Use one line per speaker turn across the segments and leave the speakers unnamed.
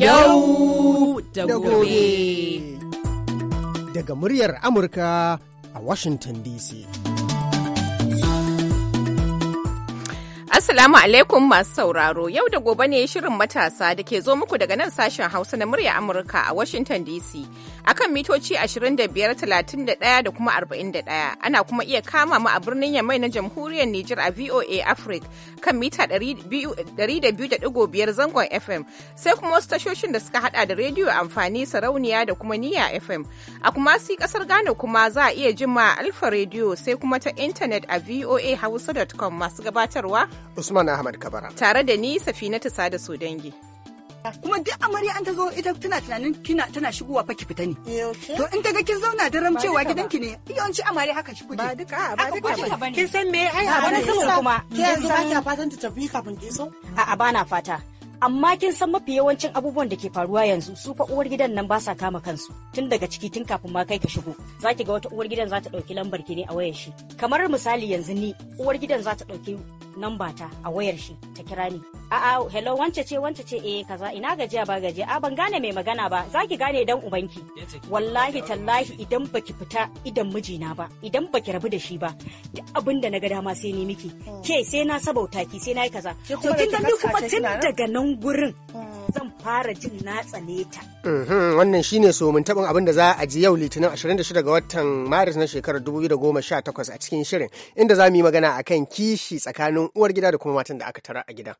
yau da gobe. Daga muryar Amurka a Washington DC.
Assalamu alaikum masu sauraro yau da gobe ne shirin matasa da ke zo muku daga nan sashen Hausa na murya Amurka a Washington DC akan mitoci 25,31 da kuma 41. Ana kuma iya kama mu a birnin Yamai na Jamhuriyar Nijar a VOA Africa kan mita 200.5 zangon FM sai kuma wasu tashoshin da suka hada da rediyo amfani sarauniya da kuma niya FM. A kuma si kasar Ghana kuma za a iya jima alfa rediyo sai kuma ta intanet a voahausa.com masu gabatarwa. Usman Ahmad Kabara. Tare da ni Safinatu Sada dangi. kuma duk amarya an ta zo ita
tana tunanin kina tana shigowa fa ki fita ne eh, to in ta ga kin zauna da cewa gidanki ne yawanci amarya haka shi kuke ba duka ba
duka ba kin san me ai a wani sama kuma ke yanzu ba
ta fatan ta tafi kafin ki so a'a ba na fata amma kin san mafi yawancin abubuwan da ke faruwa yanzu su fa uwar gidan nan ba sa kama kansu tun daga ciki tun kafin ma kai ka shigo zaki ga wata uwar gidan za ta dauki lambar ki ne a wayar shi kamar misali yanzu ni uwar gidan za ta dauki namba ta a wayar shi ta kira ni a'a hello wance ce wance ce eh kaza ina gajiya ba gajiya a ban gane mai magana ba zaki gane dan ubanki wallahi tallahi idan baki fita idan mijina ba idan baki rabu da shi ba duk abin da naga dama sai ni miki hmm. ke sai na sabauta ki sai na kaza to kin gani kuma tun daga nan gurin hmm. zan fara jin na tsane ta.
Uhm, wannan shine so mun tabin abin da za a ji yau Litinin 26 ga watan Maris na shekarar 2018 a cikin shirin inda za mu yi magana akan kishi tsakanin halin uwar gida da kuma matan da aka tara a gidan.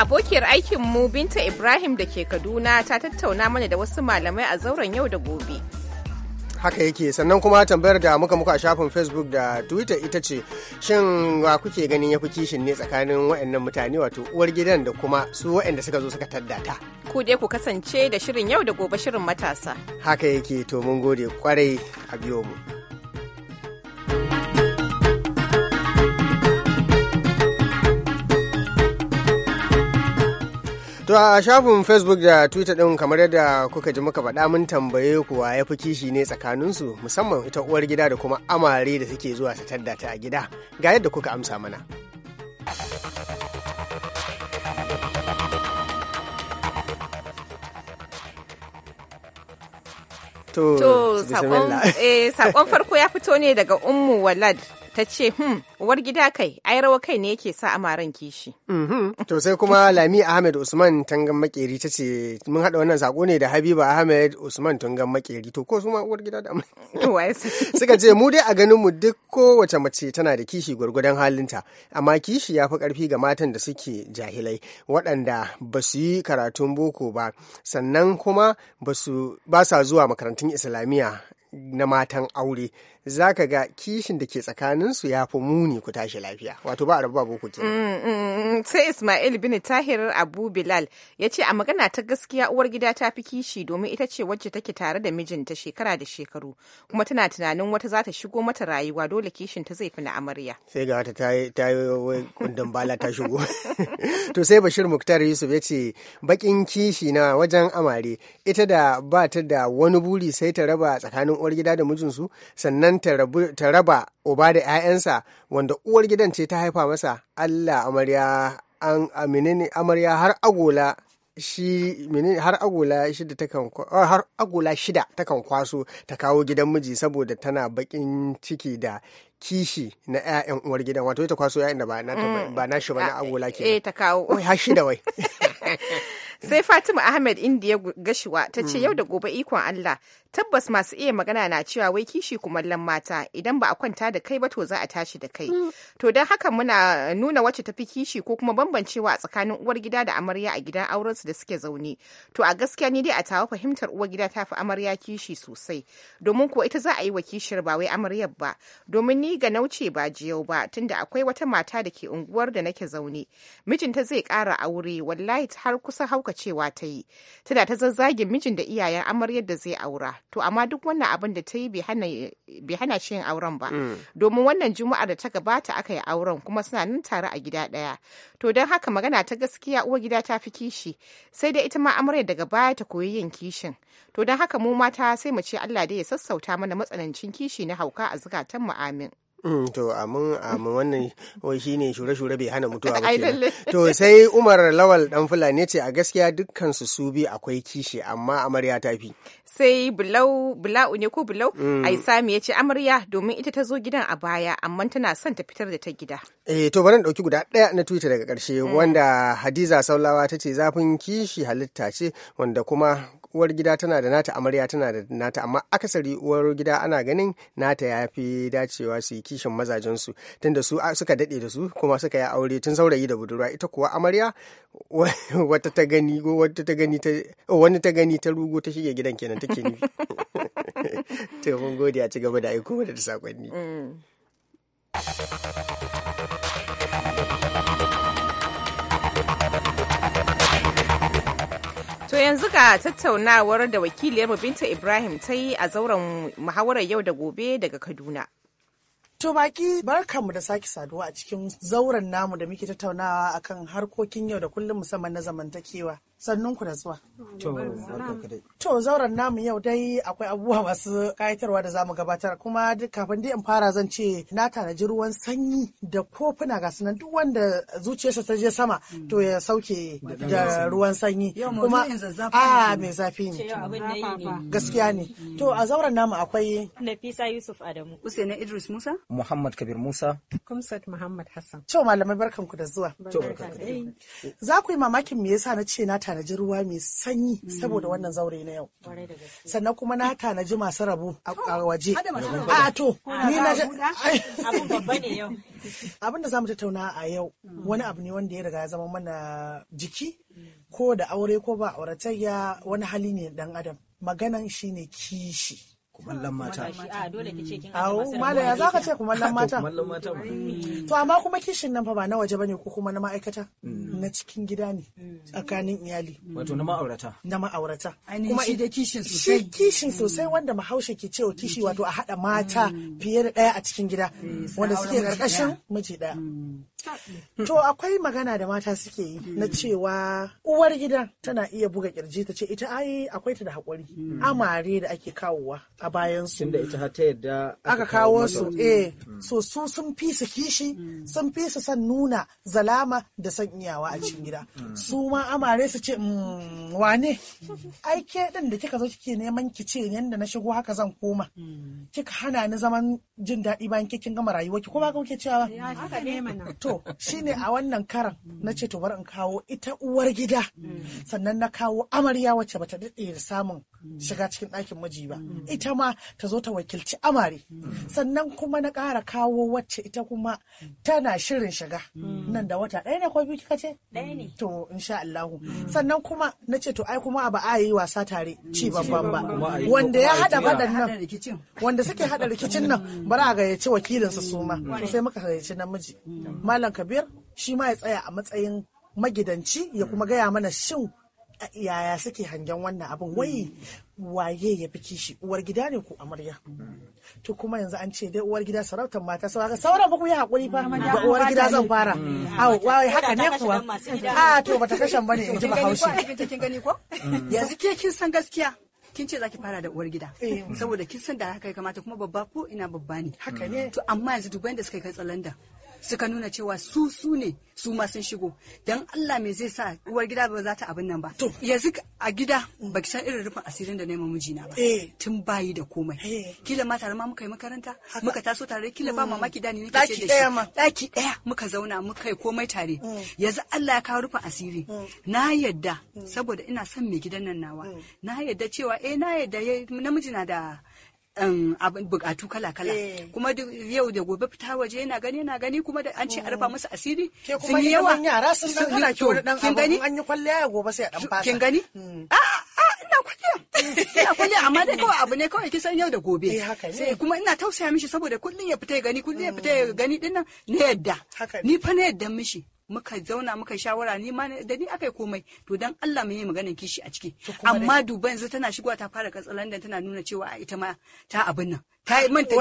abokiyar aikin mu binta ibrahim da ke kaduna ta tattauna mana da wasu malamai a zauren yau da gobe
haka yake sannan kuma tambayar da muka muka a shafin facebook da twitter ita ce shin wa kuke ganin ya fi kishin ne tsakanin waɗannan mutane wato uwar gidan da kuma su waɗanda suka zo suka taddata
ku dai ku kasance da shirin yau da gobe
shirin matasa haka yake to mun gode kwarai a biyo mu To a shafin Facebook da Twitter ɗin kamar yadda kuka ji muka faɗa mun tambaye kuwa ya fi kishi ne tsakaninsu musamman ita uwar gida da kuma amare da suke zuwa su tadda ta a gida ga yadda kuka amsa mana. To, eh, sakon farko
ya fito ne daga Ummu Walad. ta ce hmm uwar gida kai ai rawa kai ne yake sa amaran kishi
mm-hmm. to sai kuma lami ahmed usman tangan makeri ta ce mun haɗa wannan sako ne da habiba ahmed usman tangan makeri to ko su ma uwar gida da
suka ce mu
dai a ganin mu duk kowace mace tana da kishi gwargwadon halinta amma kishi ya fi karfi ga matan da suke jahilai waɗanda ba su yi karatun boko ba sannan kuma ba sa zuwa makarantun islamiyya na matan aure za ka ga kishin da ke tsakaninsu ya fi muni ku tashi lafiya wato ba a rabu boko ke
mm, mm, mm. sai ismail bin tahir abu bilal ya ce a magana ta gaskiya uwar gida ta fi kishi domin ita ce wacce take tare da mijinta shekara da shekaru kuma tana tunanin wata za ta shigo mata rayuwa dole kishin ta zai fi na amarya
sai ga wata ta yi kundin bala ta shigo to sai bashir muktar yusuf ya ce bakin kishi na wajen amare ita da ba ta da wani buri sai ta raba tsakanin uwar gida da mijinsu sannan domin ta raba uba da 'ya'yansa wanda uwar gidan ce ta haifa masa allah amarya an amarya har agola shi har agola shida takan ah, har agola shida takan kwaso ta kawo gidan miji saboda tana bakin ciki da kishi na 'ya'yan uwar gidan wato ita kwaso 'ya'yan da ba na mm. ba na shi ah, ba na agola ke eh
ta kawo wai har shida wai Sai Fatima Ahmed Indiya gashiwa, ta ce hmm. yau da gobe ikon Allah tabbas masu iya magana na cewa wai kishi kumallon mata idan ba a kwanta da kai ba to za a tashi da kai. Hmm. To don haka muna nuna wacce tafi kishi ko kuma bambancewa a tsakanin uwar gida da amarya a gidan aurensu da suke zaune. To a gaskiya ni dai a tawa fahimtar uwar gida ta fi amarya kishi sosai. Domin ko ita za a yi wa kishiyar ba wai amaryar ba. Domin ni ga nauce ba jiyau ba tunda akwai wata mata da ke unguwar da nake zaune. Mijinta zai kara aure wallahi har kusa hauka hauka cewa ta yi tana ta zazzagin mijin da iyayen amaryar da zai aura to amma duk wannan abin da ta yi bai hana shi yin auren ba mm. domin wannan juma'ar da ta gabata aka yi auren kuma suna nan tare a gida ɗaya to don haka magana ta gaskiya uwa gida ta fi kishi sai dai ita ma amaryar daga baya ta koyi yin kishin to don haka mu mata sai mu ce Allah dai ya sassauta mana matsanancin kishi na hauka a zukatan mu amin
Mm, to amin amin wannan wai shine shure-shure bai hana mutuwa ba to sai umar lawal dan fulani ce a gaskiya dukkan su su bi akwai kishi amma amarya ta fi
sai bulau bula'u ne ko bulau mm. ai sami yace amarya domin ita ta zo gidan a baya amma tana son ta fitar da ta gida
eh to bari dauki guda daya na twitter daga karshe mm. wanda hadiza saulawa tace zafin kishi halitta ce wanda kuma uwar gida tana da nata amarya tana da nata amma akasari uwar gida ana ganin nata ya fi dacewa su yi kishin mazajensu tunda su suka daɗe da su kuma suka yi aure tun saurayi da budurwa ita kuwa amarya wata ta gani wata ta gani ta wani ta gani ta rugo ta shige gidan kenan take nufi to mun gode a ci gaba da aiko da sakonni mm.
To yanzu ga tattaunawar da wakiliyarmu Binta Ibrahim ta yi a zauren muhawarar yau da gobe daga Kaduna.
To baki barkanmu da sake saduwa a cikin zauren namu da muke tattaunawa akan harkokin yau da kullum musamman na zamantakewa. sannun ku da zuwa. To zauren namu yau dai akwai abubuwa masu kayatarwa da zamu gabatar kuma duk kafin dai in fara zan ce na tanaji ruwan sanyi da kofuna ga sunan duk wanda zuciyarsa ta je sama mm. to ya sauke da ruwan sanyi kuma a mai zafi ne gaskiya ne mm. to a zauren namu akwai
Nafisa Yusuf Adamu Usaina Idris Musa
Muhammad Kabir Musa
Kumsat Muhammad Hassan to malamai barkanku da zuwa za ku yi mamakin me yasa na ce na tanaji ruwa mai sanyi saboda hmm. wannan zaure na yau sannan kuma na eh. tanaji masu rabo a waje a to ni na abin da mu tattauna a yau hmm. wani abu ne wanda ya riga ya zama mana jiki hmm. ko da aure ko ba auratayya wani hali ne dan adam maganan shi ne kishi kumallon mata.
Ah, dole Awo mala ya zaka ce
kumallon mata? Kumallon
mata ba. Mm. To
amma kuma kishin nan fa ba na waje bane ko kuma na ma'aikata? Mm. Na cikin gida ne mm. tsakanin iyali. Wato na ma'aurata. Na ma'aurata. Kuma shi da kishin sosai. Shi kishin sosai wanda mahaushe ke cewa kishi wato a haɗa mata fiye da ɗaya a cikin gida. Eh, wanda suke ƙarƙashin miji ɗaya. To akwai magana da mata suke yi na cewa uwar gida tana iya buga kirji ta ce ita ai akwai ta da haƙuri hmm. amare da ake kawowa a bayan su. Tunda ita ta yadda aka kawo su eh hmm. so su sun fi su kishi hmm. sun fi su san nuna zalama da san iyawa a cikin gida. Su ma amare su ce wane ai ke din da kika zo kike neman ki ce yanda na shigo haka zan koma. Kika hana ni zaman jin daɗi bayan kin gama rayuwa ki ko ka kuke cewa To to shine a wannan karan na ce to bar in kawo ita uwar gida sannan na kawo amarya wacce bata daɗe da samun shiga cikin ɗakin miji ba ita ma ta zo ta wakilci amare sannan kuma na ƙara kawo wacce ita kuma tana shirin shiga nan da wata ɗaya ne ko biyu kika ce ɗaya ne to insha Allahu sannan kuma na ce to ai kuma ba a yi wasa tare ci babban ba wanda ya hada badan nan wanda suke haɗa rikicin nan bar a gayyace wakilin su suma sai muka gayyaci namiji Malam Kabir shi ma ya tsaya a matsayin magidanci ya kuma gaya mana shin yaya suke hangen wannan abin wai waye ya fi kishi uwar gida ne ko amarya to kuma yanzu an ce dai uwar gida sarautar mata saura sauran ba ku yi hakuri fa
ga uwar gida zan fara mm.
wai haka ne kuwa
a ah, to bata kashan bane in ji ba haushi
kin gani ko mm. yanzu ke kin san gaskiya kin ce zaki fara da uwar gida eh. saboda kin san da haka ya kamata kuma babba ko ina babba ne haka ne to amma yanzu dubai da suka kai tsalanda suka nuna cewa su su ne su ma sun shigo don Allah me zai sa uwar gida ba za ta abin nan ba yanzu a gida baki san irin rufin asirin da nema mijina ba eh. tun bayi da komai eh. kila ma tare ma muka yi makaranta muka taso tare kila ba mamaki da ni nake ce da shi daki daya muka zauna muka yi komai tare mm. yanzu Allah ya kawo rufin asiri mm. na yadda mm. saboda ina son mai gidan nan nawa na yadda cewa eh na yadda eh, namiji na da Um, bukatu kala-kala eh. kuma yau da gobe fita waje yana gani yana gani kuma da an ce a rufa mm. musu asiri sun yi yawa yara sun ki wani dan abu
an yi kwalliya ya gobe sai a dan fasa kin gani mm. ah, ah, ah,
ina kwalliya ina kwalliya amma dai kawai
abu ne kawai kisan yau da gobe eh, sai kuma ina tausaya mishi saboda kullun ya fita ya gani kullun ya mm. fita ya gani na yadda ni fa na yadda mishi muka zauna muka shawara ni ma da ni akai komai to dan Allah mu yi maganar kishi a ciki amma duba yanzu tana shigowa ta fara katsalandan tana nuna cewa ita ma ta abin nan ta manta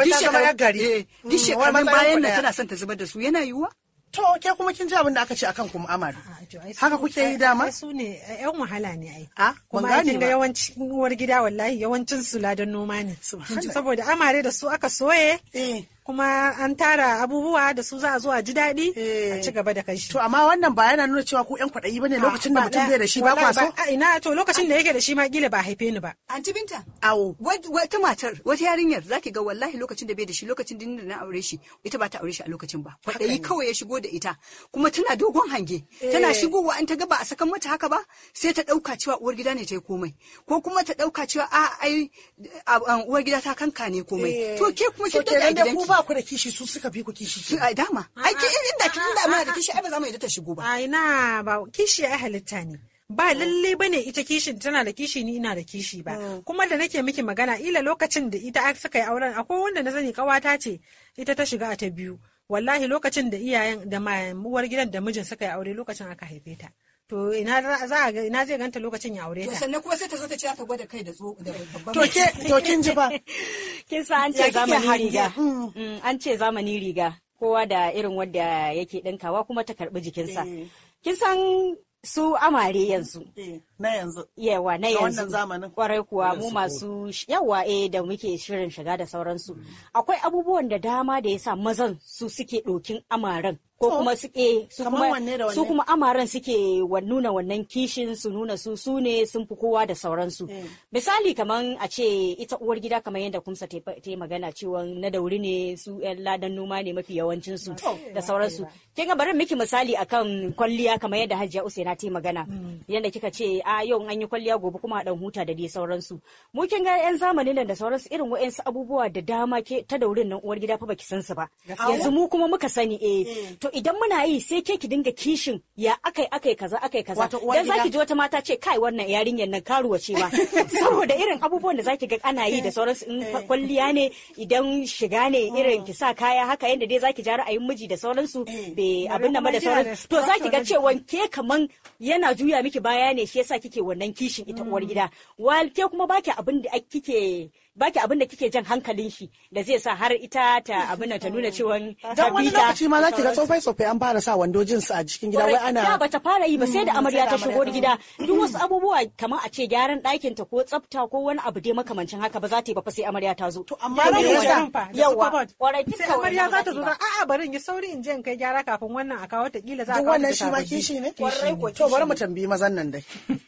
Gishe kamar eh, mm, bayan nan tana
son ta zubar da su yana yiwuwa To ke kuma kin ji abin da aka ce akan kuma amari. Ah, Haka kuke yi dama?
Su ne yan wahala ne ai.
A ah, kuma kin ga yawancin uwar gida
wallahi yawancin su ladan noma ne. Saboda amare da su aka soye. Eh. kuma
an tara abubuwa da su za a zo a ji daɗi a eh. ci gaba da kashi. To amma wannan ba yana nuna cewa ku ƴan kwaɗayi ba ne lokacin da mutum bai da shi ba kwa so?
Ina to lokacin da yake da shi ma ƙila ba haife ni ba. Anti Binta. Awo. Wata matar wata yarinyar ki ga wallahi lokacin da bai da shi lokacin da na aure shi ita ba ta aure shi a lokacin ba. Kwaɗayi kawai ya shigo da ita kuma tana dogon hange tana eh. shigowa an ta ga ba a sakan mata haka ba sai ta ɗauka cewa uwar gida ne ta yi komai ko kuma ta ɗauka cewa a ai uwar gida ta kanka ne komai. Eh. To ke kuma kin da gidanki. ku da kishi su suka fi ku kishi ki ai dama ai ki da kin da muna da kishi ai ba za mu yadda ta shigo ba ai na ba
kishi ai halitta ne ba lalle bane ita kishin tana da kishi ni ina da kishi ba oh. kuma da nake miki magana ila lokacin da ita suka yi auren akwai wanda na sani kawata ce ita ta shiga a ta biyu wallahi lokacin da iyayen da uwar gidan da mijin suka yi aure lokacin aka haife ta to ina za a ga ina zai ganta lokacin ya aure ta to sannan kuma sai ta zo ta ce ta gwada kai da babban to ke to kin ji
ba kin san an ce zamani riga mm. Mm, an ce zamani riga kowa da irin wadda yake kawa kuma ta karɓi jikinsa eh. kin san su amare yanzu eh, na yanzu yawa na yanzu kwarai kuwa mu masu yawa eh da muke shirin shiga da sauransu mm. akwai abubuwan da dama da yasa mazan su suke ɗokin amaren ko kuma suke su kuma amaran suke nuna wannan kishin su nuna su su ne sun fi kowa da sauransu eh. misali kamar a ce ita uwar gida kamar yadda kumsa ta magana cewa na dauri ne su yan ladan noma ne mafi yawancinsu eh, da sauransu kin ga bari miki misali akan kwalliya kamar yadda Hajiya Usaina ta magana mm. yadda kika ce a yau an yi kwalliya gobe kuma a dan huta da dai sauransu mu kin ga yan zamanin nan da sauransu irin wa'ansu abubuwa da dama ke ta daurin nan uwar gida fa baki san su ba yanzu mu kuma muka sani eh, eh. to idan muna yi sai ke ki dinga kishin ya akai akai kaza akai kaza dan zaki ji wata mata ce kai wannan yarinyar nan karuwa ce ba saboda irin abubuwan da zaki ga ana yi da eh. sauransu in eh. kwalliya ne idan shiga ne oh. irin ki sa kaya haka yanda dai zaki ja ra'ayin miji da sauransu eh. be abin da ma da sauransu to zaki ga cewa ke kaman yana juya miki baya ne shi yasa kike wannan kishin ita mm. uwar gida wal ke kuma baki abin da kike baki abin da kike jan hankalin shi da zai sa har ita ta abin ta nuna cewa dan wani lokaci ma zaki ga tsofai
tsofai an fara sa wando sa a cikin gida wai ana ba ta fara yi ba sai da mm, amarya ta shigo gida
duk wasu abubuwa kamar a ce gyaran ɗakin ta ko tsafta ko wani abu dai makamancin haka ba za ta yi ba fa sai amarya ta zo to amma ne yasa yawa kwarai sai amarya za ta zo
a'a bari in yi sauri in je in kai gyara kafin wannan a kawo ta kila za ka kawo wannan shi ma kishi ne to bari mu
tambayi mazan nan dai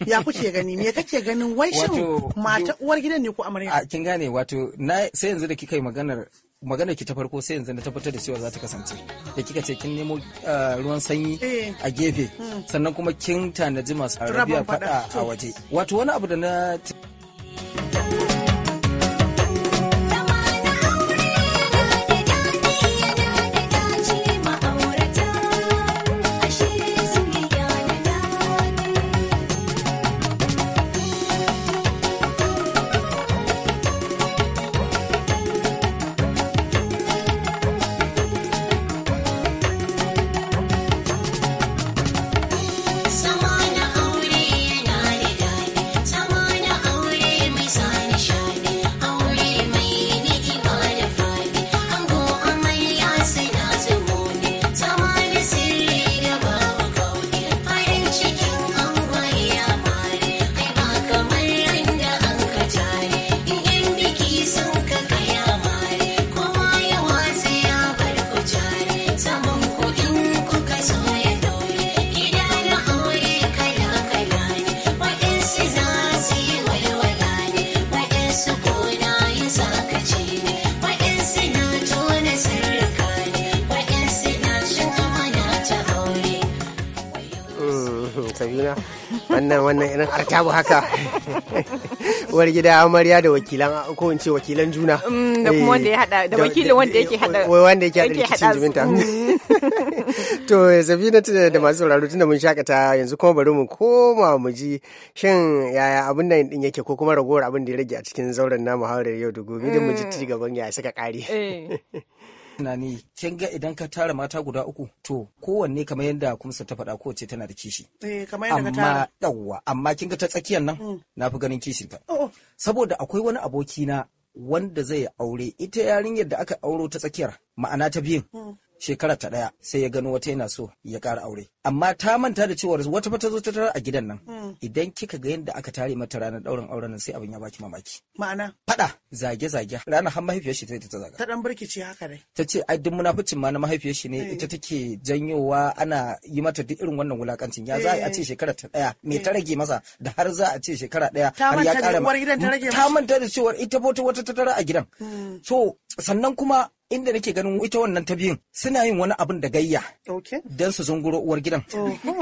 ya kuke gani me kake ganin wai shin mata
uwar gidan ne ko amarya kin ne wato na sai yanzu da kika yi maganar maganar ki ta farko sai yanzu na tabbatar da cewa za ta kasance da kika ce kin nemo ah, ruwan sanyi eh. a gefe hmm. sannan kuma kin tanaji masu arabiya fada a waje wato wani abu da na
kaduna wannan wannan irin artabu haka uwar gida amarya da wakilan ko in ce wakilan juna mm, da kuma wanda ya hada da eh, wakilin wanda yake hada wanda yake hada rikicin jiminta to zabina da masu sauraro tunda mun shakata yanzu kuma bari mu koma mu ji shin yaya abin nan din yake ko kuma ragowar abin da ya rage a cikin zauren namu haurar yau da gobe da mu ji mm. ci gaban ya saka kare tunani
kin ga idan ka tara mata guda uku to kowanne kamar yadda kumsa ta faɗa kowace tana da kishi eh, amma yawwa amma kin ga ta tsakiyar nan mm. na fi ganin kishin ta oh. saboda akwai wani aboki na wanda zai aure ita yarinyar da aka auro ta tsakiyar ma'ana ta biyun mm. shekara ta ɗaya sai ya gano wata yana so ya ƙara aure amma ta manta da cewa wata fata zo ta a gidan nan hmm. idan kika ga yadda aka tare mata ranar ɗaurin auren nan sai abin ya baki mamaki ma'ana faɗa zage zage ranar har mahaifiyar shi ta ta zaga
ta dan ce haka dai
ta ce ai duk munafucin ma na mahaifiyar shi ne eh. ita take janyowa ana yi mata duk irin wannan wulakancin ya za a ce eh. shekara ta ɗaya me ta eh. rage masa da har za a ce shekara ɗaya har ya ƙara ta manta da cewa ita wata wata ta tara a gidan hmm. so sannan kuma inda nake ganin ita wannan ta biyun suna yin wani abin da gayya don su zunguro uwar gidan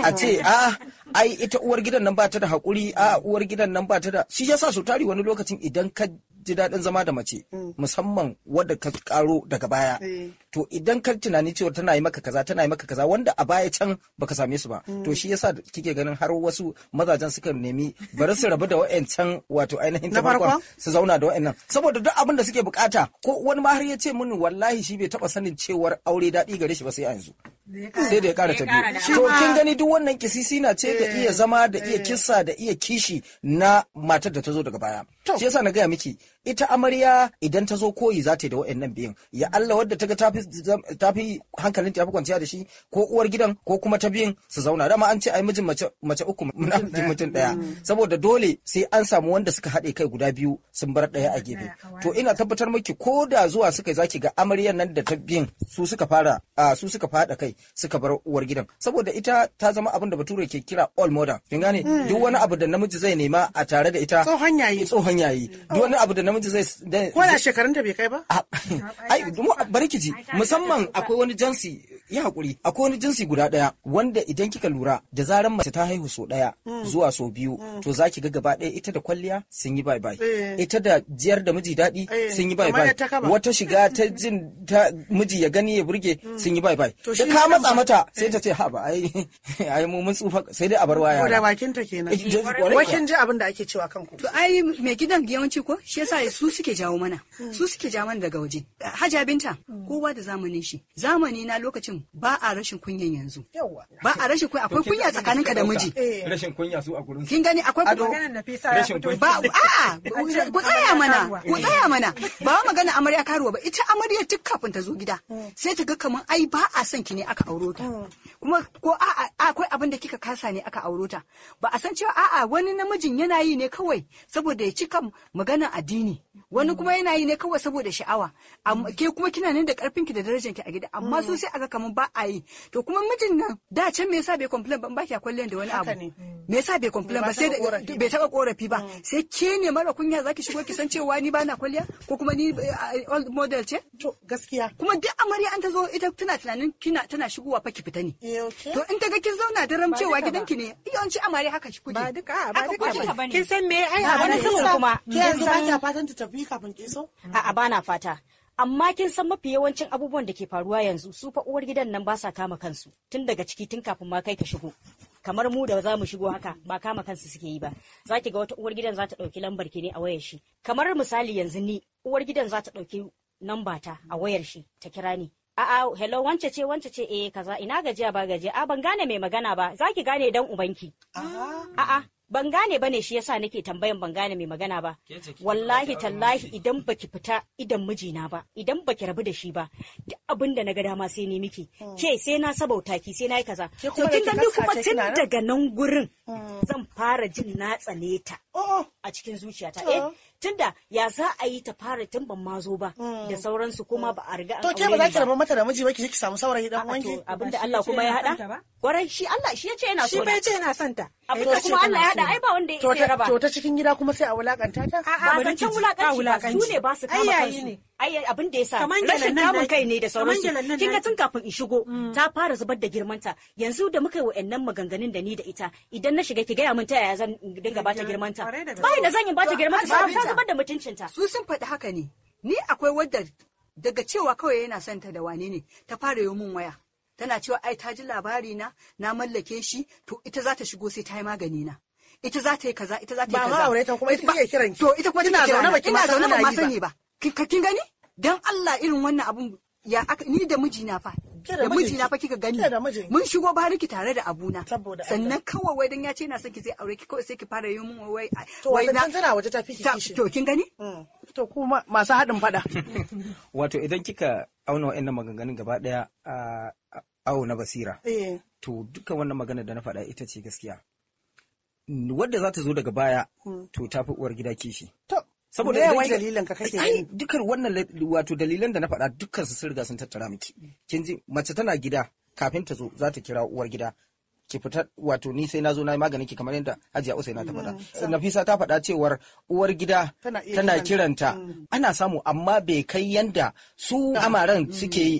a ce a ah, ai ita uwar gidan nan ba ta da hakuri a uwar gidan nan ba ta da shi yasa su tari wani lokacin idan ka ji daɗin zama da mace mm. musamman wadda ka karo daga baya eh. to idan ka tunani cewa tana yi maka kaza tana yi maka kaza wanda a baya can baka same su ba mm. to shi yasa kike ganin har wasu mazajen suka nemi bari su rabu da wa'ancan wato ainihin tabakon su zauna da wa'annan saboda duk abin da suke bukata ko wani ma har ya ce mini wallahi shi bai taba sanin cewar aure daɗi gare shi ba sai a yanzu sai da ya kara ta biyu to kin gani duk wannan kisisi na ce da iya eh, zama da iya eh. kisa da iya kishi na matar da ta zo daga baya shi yasa na gaya miki ita amarya idan ta zo koyi za ta yi da wa'annan biyun ya Allah wadda ta ga ta fi hankalin ta kwanciya da shi ko uwar gidan ko kuma ta biyun su zauna dama an ce ai mijin mace mace uku munafikin mutum daya mm. saboda dole sai an samu wanda suka haɗe kai guda biyu sun bar daya a gefe to ina tabbatar miki ko da zuwa suka zaki ga amaryar nan da ta biyun su suka fara su suka fada kai suka bar uwar gidan saboda ita ta zama abin da bature ke kira all modern kin gane mm. duk wani abu da namiji zai nema a tare da ita tsohon yayi tsohon yayi duk wani abu da namiji mijinta zai ko da shekarun ta bai kai ba ah, ai bari ki ji musamman akwai wani jinsi ya hakuri akwai wani jinsi guda daya wanda idan kika lura da zaran mace ta haihu so daya mm. zuwa so biyu mm. to zaki ga gaba daya ita da kwalliya sun yi bye bye eh. ita da jiyar da miji daɗi eh, sun yi bye bye wata shiga ta jin ta miji ya gani ya burge mm. sun yi bye bye da ka matsa mata sai eh. ta ce ha ba ai ai mu mun tsufa sai dai a bar waya da bakin ta kenan wakin
ji abin da ake cewa kanku to ai mai gidan yawanci ko shi yasa wallahi su suke jawo mana su suke jawo mana daga waje haja binta kowa da zamanin shi zamani na lokacin ba a rashin kunyan yanzu ba a rashin kunya akwai kunya tsakanin ka da miji
eh. rashin kunya su a gurin kin gani akwai ado rashin kunya ba a ku tsaya mana ku tsaya mana ba
magana amarya karuwa ba ita amarya duk kafin ta zo gida mm. sai ta ga kaman ai ba a son ki ne aka auro ta mm. kuma ko a akwai abin da kika kasa ne aka auro ta ba a san cewa a'a wani namijin yana yi ne kawai saboda ya ci kan maganar addini ne wani kuma yana yi ne kawai saboda sha'awa ke kuma kina nan da karfin ki da darajar ki a gida amma mm. su sai aga kaman ba a yi to kuma mijin nan da can me yasa bai complain ba in ki kwallon da wani abu me yasa bai complain ba sai bai taba korafi ba mm. sai ke ne mara kunya zaki shigo ki san cewa ni ba na kwalliya ko kuma ni eh, old model ce to gaskiya kuma duk amarya an ta zo ita tana tunanin kina tana shigowa fa ki fita ne eh, to in ta ga kin zauna daram cewa gidanki ne yawanci amarya haka ki kuke ba duka ba duka kin san me ai abin kuma yanzu ba
ta fata fatan ta tafi kafin ki so? A'a bana fata. Amma kin san mafi yawancin abubuwan da ke faruwa yanzu su fa uwar gidan nan ba sa kama kansu tun daga ciki tun kafin ma kai ka shigo. kamar mu da za mu shigo haka ba kama kansu suke yi ba za ki ga wata uwar gidan za ta ɗauki lambar ki ne a wayar shi kamar misali yanzu ni uwar gidan za ta ɗauki lamba ta a wayar shi ta kira ni a'a hello wance ce wance ce eh kaza ina gajiya ba gajiya a ban gane mai magana ba za ki gane dan ubanki a'a ban gane ba ne shi yasa nake tambayan ban gane mai magana ba wallahi tallahi idan baki fita idan mijina ba idan baki rabu da shi ba duk abin da na ga dama sai ni miki hmm. ke sai na sabauta taki sai na yi kaza to kin ga kuma tun daga nan gurin hmm. zan fara jin na tsane oh, oh. a cikin zuciyata eh tunda ya za a yi ta fara tun ban ma zo ba da mm. sauransu kuma ba a riga ba. to ke ba za ki raba mata
da miji ba ki ki samu saurayi dan wanki abinda Allah kuma ya hada
kwarai shi Allah shi yace yana so shi ba yace yana son
ta abinda eh, kuma Allah ya hada ai ba wanda yake raba to ta cikin gida kuma sai a wulakanta ta a ba
ta wulakanta su ne ba su kama kansu
abin da ya sa rashin kamun kai ne da sauransu kin ga tun kafin in shigo mm. ta fara zubar da girmanta yanzu da muka yi wa'annan maganganun da ni da ita idan na shiga ki gaya min ta yaya zan dinga bata girmanta ba da zan yi bata girmanta ta zubar da mutuncinta
su sun faɗi haka ne ni akwai wadda daga cewa kawai yana son ta da wane ne ta fara yi mun waya tana cewa ai ta ji labari na na mallake shi to ita za ta shigo sai ta yi magani na ita za ta yi kaza ita za ta yi kaza ba ma aure ta kuma ita take
kiran ki to ita kuma tana zaune ba ki ma sani ba
kin gani dan Allah irin wannan abun ya ni da mijina fa da mijina fa kika gani mun shigo bariki tare da abuna sannan kawai wai dan ya ce na son ki zai aure ki sai ki fara yi mun wai wai dan tana waje ta fiki kishi to kin
gani mm. to kuma masu hadin fada
wato idan kika auna wa'annan maganganun gaba daya a awo na basira eh. to dukkan wannan magana da na faɗa ita ce gaskiya wadda za ta zo daga baya mm. to ta fi uwar gida kishi saboda idan dalilan ka kake ai dukkan wannan wato dalilan da na faɗa dukkan su sun riga sun tattara miki kin ji mace tana gida kafin ta zo za ta kira uwar gida ki fita wato ni sai na zo na yi maganin ki kamar yadda Hajiya Usaina ta faɗa. Mm, Nafisa ta faɗa cewar uwar gida
tana kiranta
mm. ana samu amma bai kai yanda su amaran mm. suke yi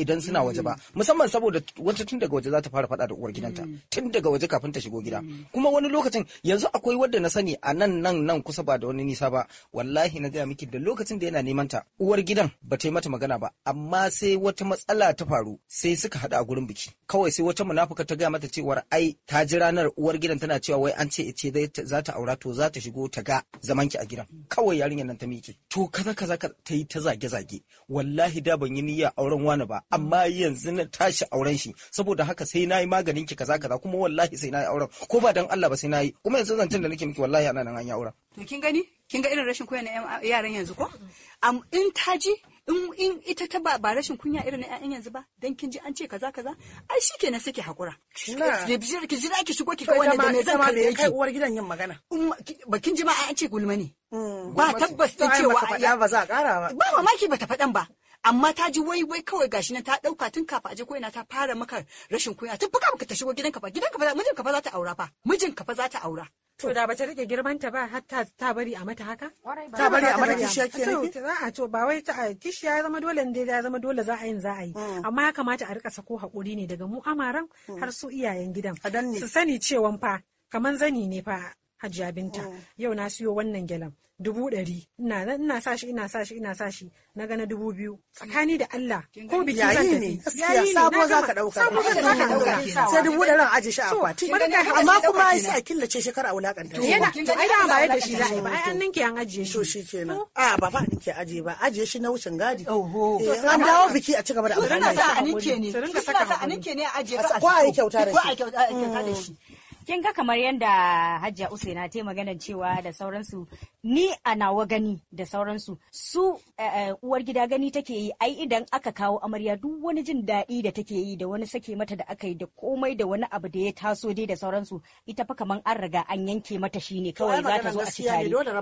idan suna waje ba musamman saboda wata tun daga waje za ta fara faɗa da uwar gidanta tun daga waje kafin ta shigo gida kuma wani lokacin yanzu akwai wadda na sani a nan nan nan kusa ba da wani nisa ba wallahi na gaya miki da lokacin da yana neman ta uwar gidan ba ta yi mata magana ba amma sai wata matsala ta faru sai suka haɗa a gurin biki kawai sai wata munafuka ta gaya mata cewar ai ta ji ranar uwar gidan tana cewa wai an ce ce za ta aura to za ta shigo ta ga zaman ki a gidan kawai yarinyar nan ta miƙe to kaza kaza ta yi ta zage zage wallahi da ban yi niyya auren wani ba amma yanzu na tashi auren shi saboda haka sai na yi maganin ki kaza kaza kuma wallahi sai na yi auren ko ba dan Allah ba sai na yi kuma yanzu zancen da nake miki wallahi ana nan an yi auren
to kin gani kin ga irin rashin koyon yaran yanzu ko in ta ji in ita ta ba rashin kunya irin na ƴaƴan yanzu ba dan kin ji an ce kaza kaza ai shi kenan ki hakura ki jira ki shigo ki kai wannan da me zan kalle kai uwar gidan yin magana um, ba kin ji ma an ce gulma ne
hmm, ba tabbas ta cewa
ba za a kara ba ba mamaki ba ta faɗan ba amma ta ji wai wai kawai gashi na ta dauka tun kafa aje ko ina ta fara maka rashin kunya tun fuka baka ta shigo gidanka Gidan gidanka ba mijin ka fa za ta aura fa mijin ka fa za ta aura To da ta rike ta ba har ta ta bari a mata haka?
Ta bari a mata kishiya ke ne? Za a to ba wai ta kishiya ya zama dole ne ya zama dole za a yin za a yi. Hmm. Amma ya kamata a rika sako hakuri ne daga mu amaran hmm. har su iyayen gidan. Su sani cewan fa kaman zani ne fa Hajiya Binta hmm. yau na siyo wannan gyalan dubu ɗari ina ina sa shi ina sa shi ina sa shi na gana dubu biyu tsakani da Allah ko biki zan tafi yayi ne sabo za ka dauka sabo za ka dauka sai dubu ɗarin aje shi a kwati amma kuma sai a
killace shi kar a wulakanta to yana to ai da ba yadda shi za a yi ba ai an ninke an aje shi to shi kenan a ba ba ninki aje ba aje shi na wucin gadi oho eh, an dawo biki a cigaba da amfani
da shi a ninke ne
a ninke ne a ajiye ko a yi kyauta da mm. shi ko a yi kyauta da shi kin ga kamar yadda Hajiya Usaina ta maganar cewa da sauransu ni a nawa gani da sauransu su eh, eh, uwar gida gani take yi ai idan aka kawo amarya duk wani jin daɗi da take yi da wani sake mata da aka yi da komai da wani abu da ya taso dai da sauransu ita fa kamar an riga an yanke mata shine kawai za ta zo a ci tare dole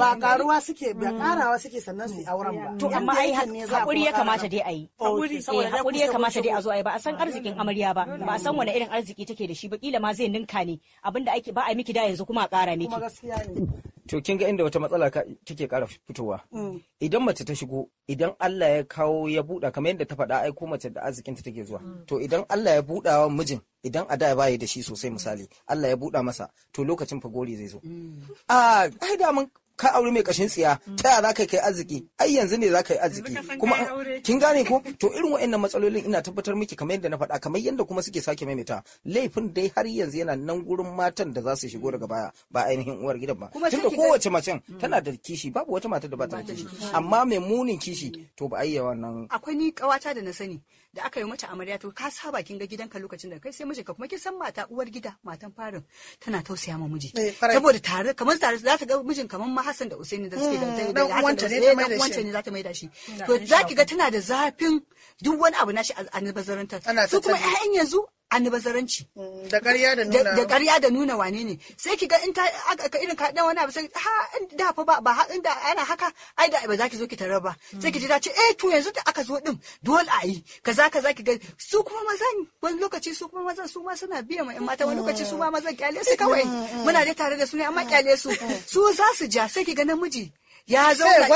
ba karuwa suke ba karawa mm. suke sannan su auren ba to amma ai hakuri
ya kamata dai a yi hakuri eh, ya kamata dai a zo a yi ba a san arzikin amarya ba ba a san wani irin arziki take da shi ba kila ma zai ninka ne abinda ake ba a miki da yanzu kuma a ƙara miki. gaskiya ne.
to kin ga inda wata matsala take kara fitowa mm. idan mace ta shigo idan Allah ya kawo ya buɗa kamar yadda ta faɗa ai ko mace da arzikin ta take zuwa mm. to idan Allah ya buɗa wa mijin idan a da baya da shi sosai misali Allah ya buɗa masa to lokacin fagori zai zo mm. a ah, ai da mun ka aure mai kashin tsiya mm. ta yaya zaka kai arziki ai yanzu ne zaka yi arziki kuma kin gane ko to irin wa'annan matsalolin ina tabbatar miki kamar yadda na faɗa kamar yadda kuma suke sake maimaita laifin dai har yanzu yana nan gurin matan da za su shigo daga baya ba ainihin uwar gidan ba tunda kowace macen mm. tana da kishi babu wata mata da ba ta da kishi amma mai munin kishi to ba ayyawa nan.
akwai ni kawata da na sani da aka yi mata amarya to ka saba kin ga gidanka lokacin da kai sai miji ka kuma kin san mata uwar gida matan farin tana tausaya ma miji eh, saboda tare kamar za ta ga mijin kamar Hassan da Usaini da suke da mm, dan da ne mai da shi ne za ta mai da shi to za ki ga tana da zafin duk wani abu nashi a albazarantar su kuma 'ya'yan yanzu annibasaranci
mm, da ƙarya da nuna da
ƙarya da nuna wane ne sai ki ga in ta aka irin ka dan wani abu sai ha da fa ba ba inda ana haka ai da ba za ki zo ki tarar ba sai ki ji ta ce eh to yanzu da aka zo din dole a yi kaza kaza ki ga su kuma mazan wani lokaci su kuma mazan su ma suna biya ma mata wani lokaci su ma mazan kyale su kawai mm, mm, muna da tare da su ne amma kyale su su za su ja sai ki ga namiji ya zauna ya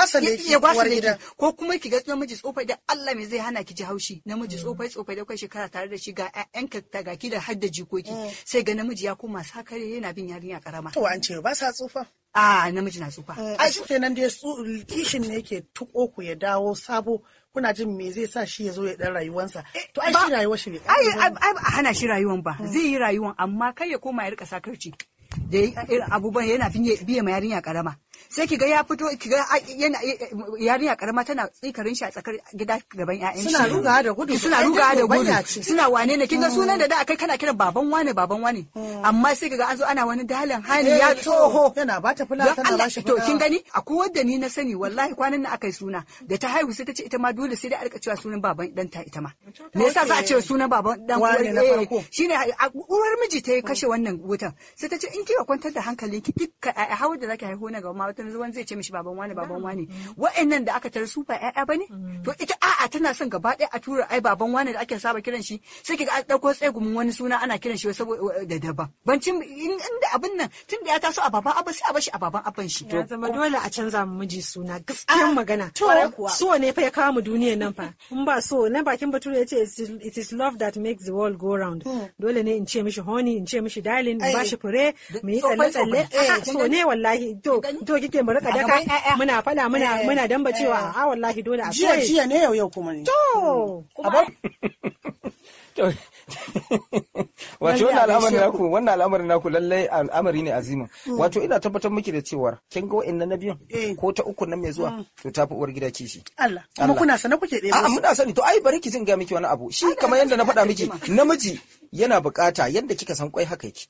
gwasa da ko kuma ki ga namiji tsofai da Allah me zai hana ki ji haushi namiji tsofai tsofai da kai shekara tare da shi ga ƴan ka ga ki da hadda jikoki mm. sai ga namiji ya koma sakare yana bin yarinya karama to an
ce ba sa tsufa a namiji na tsufa mm. a shi kenan da kishin ne yake tuko ku ya dawo sabo kuna jin me zai sa shi ya zo ya dan rayuwansa eh, to ai shi rayuwar shi ne ai a hana shi rayuwan ba
mm. zai yi rayuwan amma kai ya koma ya rika sakarci da abubuwan yana biye ma yarinya karama sai ki ga ya fito ki ga yana yarinya karama tana tsikarin shi a tsakar gida gaban ƴaƴan shi suna ruga da gudu suna ruga da gudu suna wane ne kin ga mm. sunan da da kai kana kira baban wane baban wane mm. amma sai ki ga an zo ana wani dalan eh, hali ya toho
yana ba ta fula tana ba shi to kin gani
akwai wanda ni na sani wallahi kwanan nan akai suna da ta haihu sai ta ce ita ma dole sai da alƙa cewa sunan baban ta ita ma me yasa za a ce sunan baban dan uwar eh, shine uwar miji ta mm. kashe wannan wutan sai ta ce in kika kwantar da hankalinki dukkan a hawar da zaki haihu na ma wata wani zai ce mishi baban wani baban wani mm. wa'annan da aka tare su ba ƴaƴa bane mm. to ita a'a tana son gaba ɗaya a tura ai baban wani da ake saba kiran shi sai kiga an dauko gumin wani suna ana kiran shi saboda da daban bancin inda abin nan tun da ya taso a baban abin sai a bashi a baban abin shi to zama dole a canza mu miji suna gaskiyan magana to so ne fa ya kawo mu duniyar
nan fa in ba so na bakin bature yace it is love that makes the world go round hmm. dole ne in ce mishi honey in ce mishi darling in bashi fure mu yi tsalle tsalle so ne wallahi to
to kike mu rika daka muna fada muna eh. muna damba cewa eh.
a ah, wallahi dole a jiya jiya ne yau
yau kuma ne to hmm. kuma
wato wannan al'amarin naku wannan al'amarin naku lallai al'amari ne azima hmm. wato ina tabbatar miki da cewar kin ga wa'annan na biyan eh. ko ta uku nan mai zuwa hmm. to tafi uwar gida kishi
Allah kuma kuna
sana kuke dai a muna sani to ai bari ki zinga miki wani abu shi kamar yadda na faɗa miki namiji yana bukata yadda kika san kwai haka yake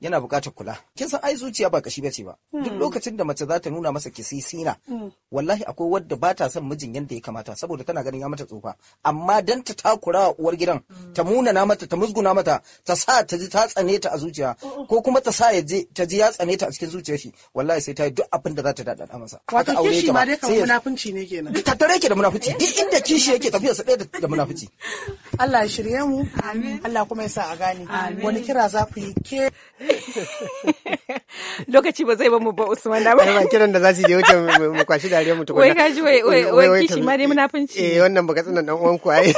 yana buƙatar kula kin san ai zuciya ba kashi bace ba hmm. duk lokacin da mace za ta nuna masa kisisina hmm. wallahi akwai wadda ba ta son mijin yadda ya kamata saboda tana ganin ya mata tsufa amma dan ta takura uwar gidan hmm. ta munana mata ta musguna mata ta sa ta ji ta tsane ta a zuciya ko kuma ta sa ya je ta ji ya tsane ta a cikin zuciyar shi wallahi sai ta yi duk abin da za ta dada masa haka aure ta ma sai
munafunci ne kenan ta tare yake da munafunci duk
inda kishi yake tafiya sa da munafunci
Allah ya shirye mu amin Allah kuma ya sa a gane wani kira za ku yi ke
lokaci ba zai ba mu ba Usman da ba ba kiran da za su je wuce mu kwashi dariya mu tukuna wai kashi wai wai kishi ma dai eh, munafunci eh wannan baka tsina dan uwan ku ai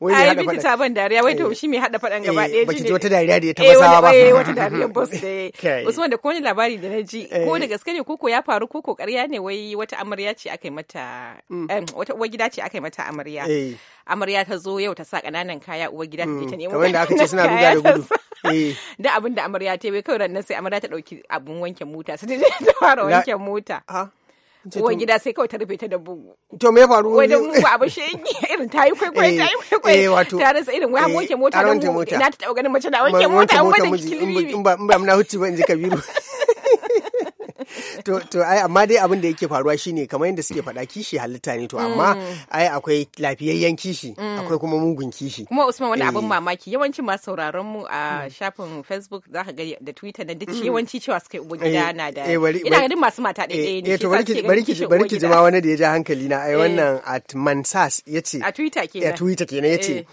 wai ai biki ta
ban dariya wai to eh. shi mai hada fadan gaba eh, ɗaya baki ji wata dariya da ya taba sawa ba eh wata dariya boss da Usman da kowane labari da ji ko da gaske ne koko ya faru koko ƙarya ne wai wata amarya ce aka yi mata mm. wata uwa gida ce aka yi mata amarya amarya ta zo yau ta sa ƙananan kaya uwa gida ta mm. nemo kamar da aka ce suna ruga da gudu Eh. da abin da amarya ta yi kawai nan sai amarya ta dauki abun wanke mota sai dai ta fara wanke mota uwar gida sai kawai ta rufe ta da bugu.
To me faru? Wai da mugu abu shi
irin ta yi kwaikwai ta yi eh, kwaikwai. Eh, ta rasa irin wai wanke mota da bugu. ina ta taɓa ganin mace da wanke mota an gwada kilibi.
In ba muna hutu ba in ji Kabiru. to to ai amma dai abin da yake faruwa shine kamar yadda suke faɗa kishi halitta ne to amma mm. ai akwai lafiyayyen kishi mm. akwai kuma mugun kishi kuma Usman wani abin eh.
mamaki yawancin masu sauraron mu a mm. shafin Facebook za ka ga da Twitter na duk yawanci cewa suka yi eh, gida na da eh, ina ganin masu mata ɗaya ne to bari ki bari ki jima
wani da ya ja hankali na ai wannan at Mansas yace a Twitter kenan a Twitter kenan yace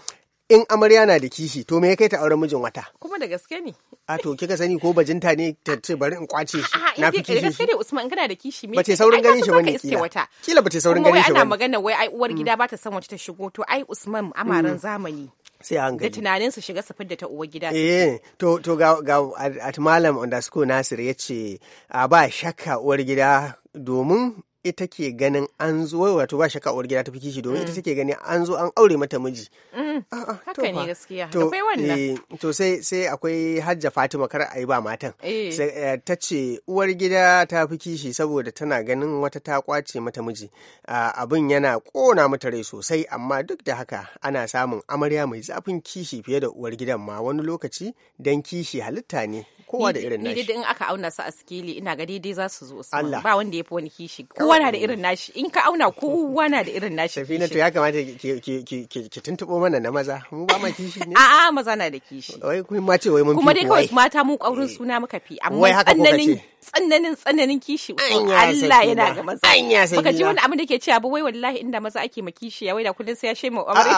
in amarya na da kishi to me ya kai ta auren mijin wata
kuma da gaske ne
a to kika sani ko bajinta ne ta ce bari in kwace shi na eh, fi eh, kishi gaske ne
Usman kana da kishi me bace saurin ganin shi bane kila
kila bace saurin ganin shi bane ana
magana wai ai uwar gida mm. ba ta san wace ta shigo to ai Usman amaran mm. zamani
sai an gani da tunanin
su shiga safar da ta uwar gida eh
to to ga ga at malam underscore nasir yace a ba shakka uwar gida domin ita ke ganin an zo wato ba shakka uwar gida ta fi kishi domin ita mm. take ganin an zo an aure mata miji. Mm. Haka ne gaskiya. To eh, to sai sai akwai Hajja Fatima kar a yi ba matan. Eh. Eh, ta ce uwar gida ta fi kishi saboda tana ganin wata ta kwace mata miji. Abin yana kona mata rai sosai amma duk da haka ana samun amarya mai zafin kishi fiye da uwar gidan ma wani lokaci dan kishi halitta ne kowa da irin nashi ni
in aka auna su a sikeli ina ga daidai za su zo su ba wanda ya fi wani kishi kowa na da irin nashi in ka auna kowa na
da irin nashi Safina to ya kamata ki tuntuɓo mana na maza mu ba ma kishi
ne a'a maza na da kishi
wai kuma mace wai mun kuma dai kawai
mata mu kaurin eh. suna muka fi amma tsananin tsananin tsananin kishi Allah yana ga maza baka ji wani abin da ke cewa ba wai wallahi inda maza ake ma kishi ya wai da kullun sai ya sheme amare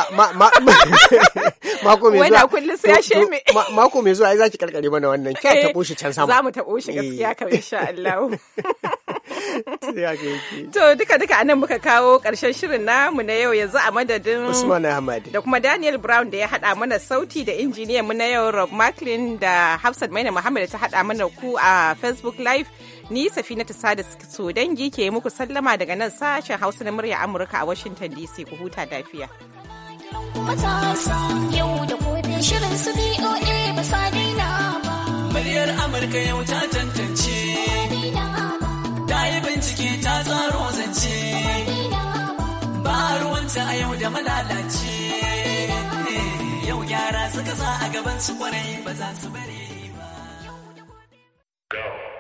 mako mai zuwa mako mai zuwa ai zaki karkare mana wannan kai eh, Eh, taɓo shi can sama. Za mu taɓo shi gaskiya eh. kam
insha Allah. To duka duka anan muka kawo ƙarshen shirin namu na yau yanzu a madadin Usman Ahmad da kuma Daniel Brown da ya haɗa mana sauti da injiniyan mu na yau Rob Macklin da Hafsat Maina Muhammad ta haɗa mana ku a Facebook Live. Ni Safina ta sada su dangi ke muku sallama daga nan sashen Hausa na murya Amurka a Washington DC ku huta lafiya.
yau da shirin su BOA ba sa daina
kwalliyar amurka yau ta tantance
ta yi bincike ta tsaro zance
ba a ruwanta a yau da malalace yau gyara suka sa a gaban su kwarai ba za su bare
ba